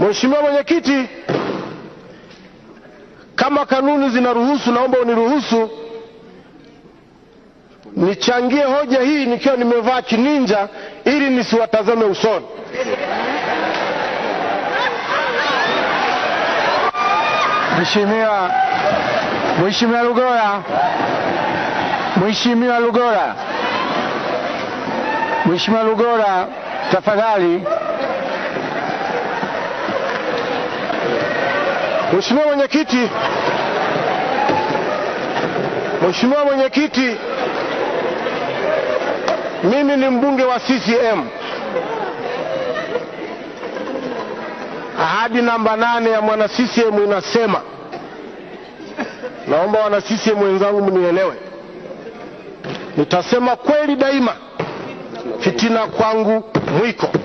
Mheshimiwa Mwenyekiti, kama kanuni zinaruhusu, naomba uniruhusu nichangie hoja hii nikiwa nimevaa kininja ili nisiwatazame usoni. Mheshimiwa Mheshimiwa Lugora, Mheshimiwa Lugora, Mheshimiwa Lugora, tafadhali. Mheshimiwa Mwenyekiti, Mheshimiwa Mwenyekiti, mimi ni mbunge wa CCM. Ahadi namba nane ya mwana CCM inasema, naomba wana CCM wenzangu mnielewe, nitasema kweli daima, fitina kwangu mwiko.